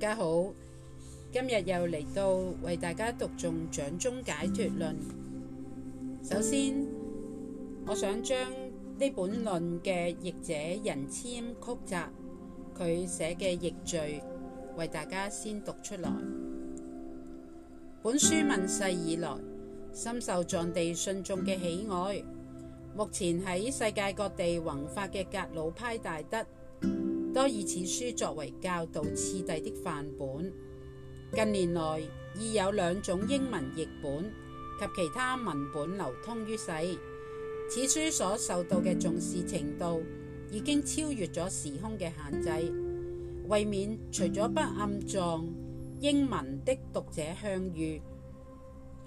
大家好，今日又嚟到為大家讀誦《掌中解脱論》。首先，我想將呢本論嘅譯者仁謙曲扎，佢寫嘅譯序為大家先讀出來。本書問世以來，深受藏地信眾嘅喜愛。目前喺世界各地弘法嘅格魯派大德。多以此書作為教導次第的範本。近年來已有兩種英文譯本及其他文本流通於世。此書所受到嘅重視程度已經超越咗時空嘅限制。為免除咗不諳英文的讀者向隅，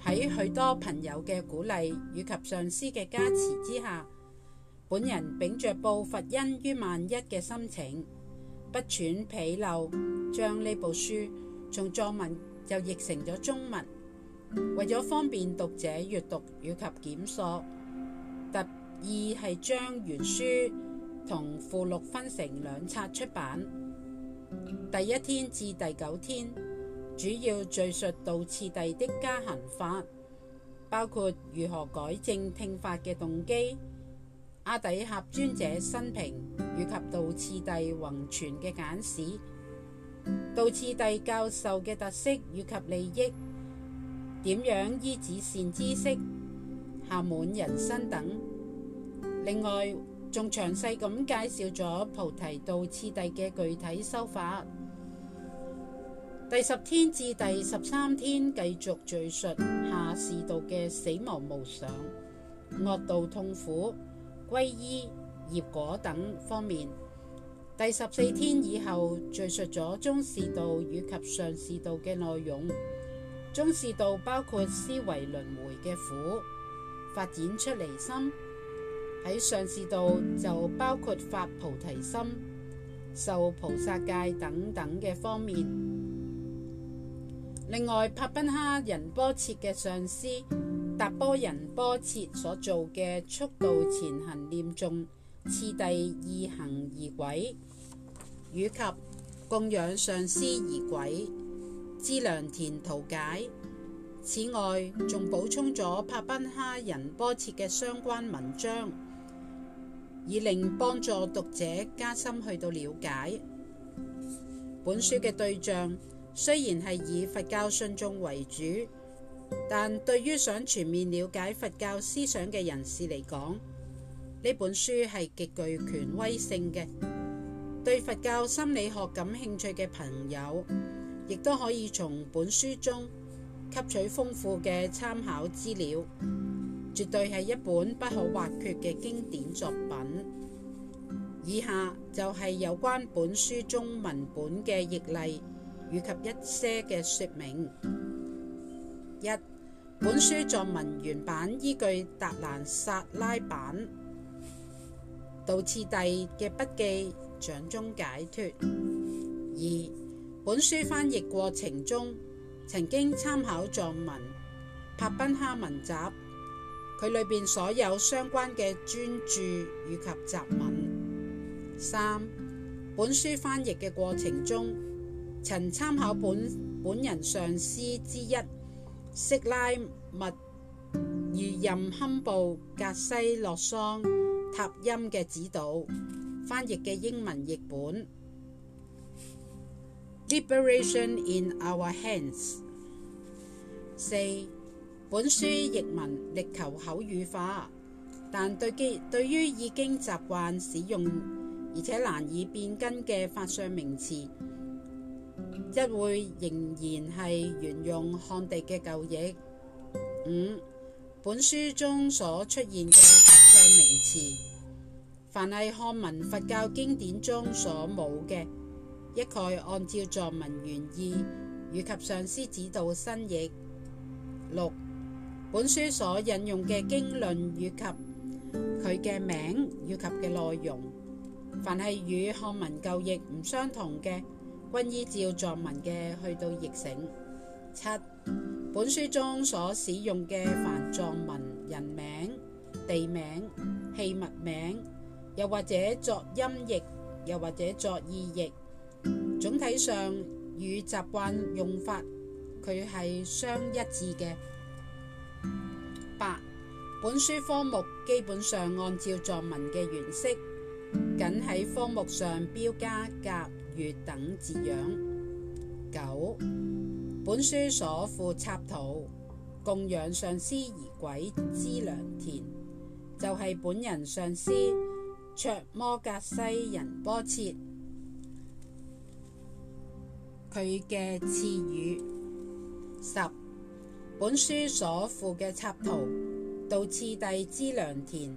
喺許多朋友嘅鼓勵以及上師嘅加持之下，本人秉着報佛恩於萬一嘅心情。不揣鄙陋，將呢部書從藏文又譯成咗中文，為咗方便讀者閱讀以及檢索，特意係將原書同附錄分成兩冊出版。第一天至第九天，主要敍述道次第的加行法，包括如何改正聽法嘅動機。阿底峽尊者生平，以及道次第宏傳嘅簡史，道次第教授嘅特色以及利益，點樣依止善知識，暇滿人身等。另外，仲詳細咁介紹咗菩提道次第嘅具體修法。第十天至第十三天繼續敘述下士道嘅死亡無常、惡道痛苦。歸依、業果等方面，第十四天以後敘述咗中士道以及上士道嘅內容。中士道包括思維輪回嘅苦，發展出離心；喺上士道就包括發菩提心、受菩薩戒等等嘅方面。另外，帕賓哈仁波切嘅上師。達波仁波切所做嘅《速度前行念誦次第易行儀軌》以及《供養上師儀軌》之良田圖解。此外，仲補充咗帕賓哈仁波切嘅相關文章，以令幫助讀者加深去到了解。本書嘅對象雖然係以佛教信眾為主。但對於想全面了解佛教思想嘅人士嚟講，呢本書係極具權威性嘅。對佛教心理學感興趣嘅朋友，亦都可以從本書中吸取豐富嘅參考資料，絕對係一本不可或缺嘅經典作品。以下就係有關本書中文本嘅譯例以及一些嘅說明。一，本書藏文原版依據達蘭薩拉版道次第嘅筆記掌中解脱。二，本書翻譯過程中曾經參考藏文帕賓哈文集，佢裏邊所有相關嘅專著以及雜文。三，本書翻譯嘅過程中，曾參考本本人上司之一，色拉密如任堪布格西洛桑塔欽嘅指導，翻譯嘅英文譯本。Liberation in Our Hands。四本書譯文力求口語化，但對基對於已經習慣使用而且難以變更嘅法上名詞。一會仍然係沿用漢地嘅舊譯。五本書中所出現嘅佛像名詞，凡係漢文佛教經典中所冇嘅，一概按照藏文原意以及上師指導新譯。六本書所引用嘅經論以及佢嘅名以及嘅內容，凡係與漢文舊譯唔相同嘅。均依照藏文嘅去到譯成。七，本書中所使用嘅梵藏文人名、地名、器物名，又或者作音譯，又或者作意譯，總體上，與習慣用法佢係相一致嘅。八，本書科目基本上按照藏文嘅原式，僅喺科目上標加格。等字樣。九，本書所附插圖供養上師儀軌之良田，就係、是、本人上師卓摩格西仁波切佢嘅詞語。十，本書所附嘅插圖道次第之良田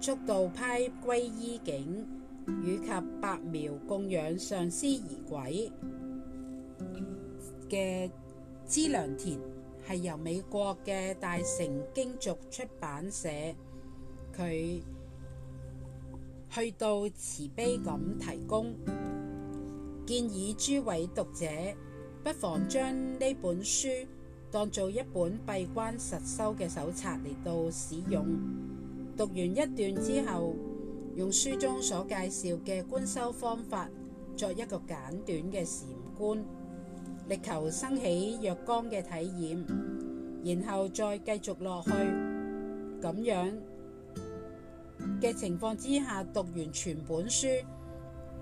速道派歸依境。以及百苗供養上師而鬼嘅資糧田，係由美國嘅大成經續出版社佢去到慈悲咁提供，建議諸位讀者不妨將呢本書當做一本閉關實修嘅手冊嚟到使用。讀完一段之後。用書中所介紹嘅觀修方法，作一個簡短嘅禪觀，力求生起若干嘅體驗，然後再繼續落去，咁樣嘅情況之下，讀完全本書，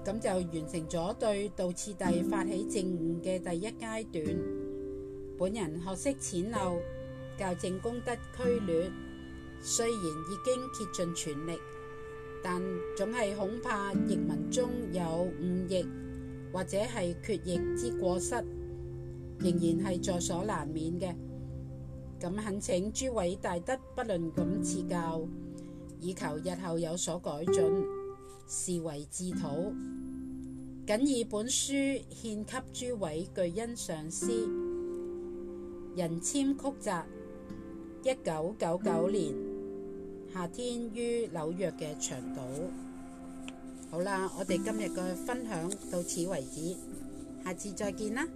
咁就完成咗對道次第發起正悟嘅第一階段。本人學識淺陋，教正功德俱劣，雖然已經竭盡全力。但總係恐怕譯文中有誤譯或者係缺譯之過失，仍然係在所難免嘅。咁懇請諸位大德不論咁賜教，以求日後有所改進，是為至土。僅以本書獻給諸位巨恩上師，仁謙曲集，一九九九年。夏天於紐約嘅長島。好啦，我哋今日嘅分享到此為止，下次再見啦。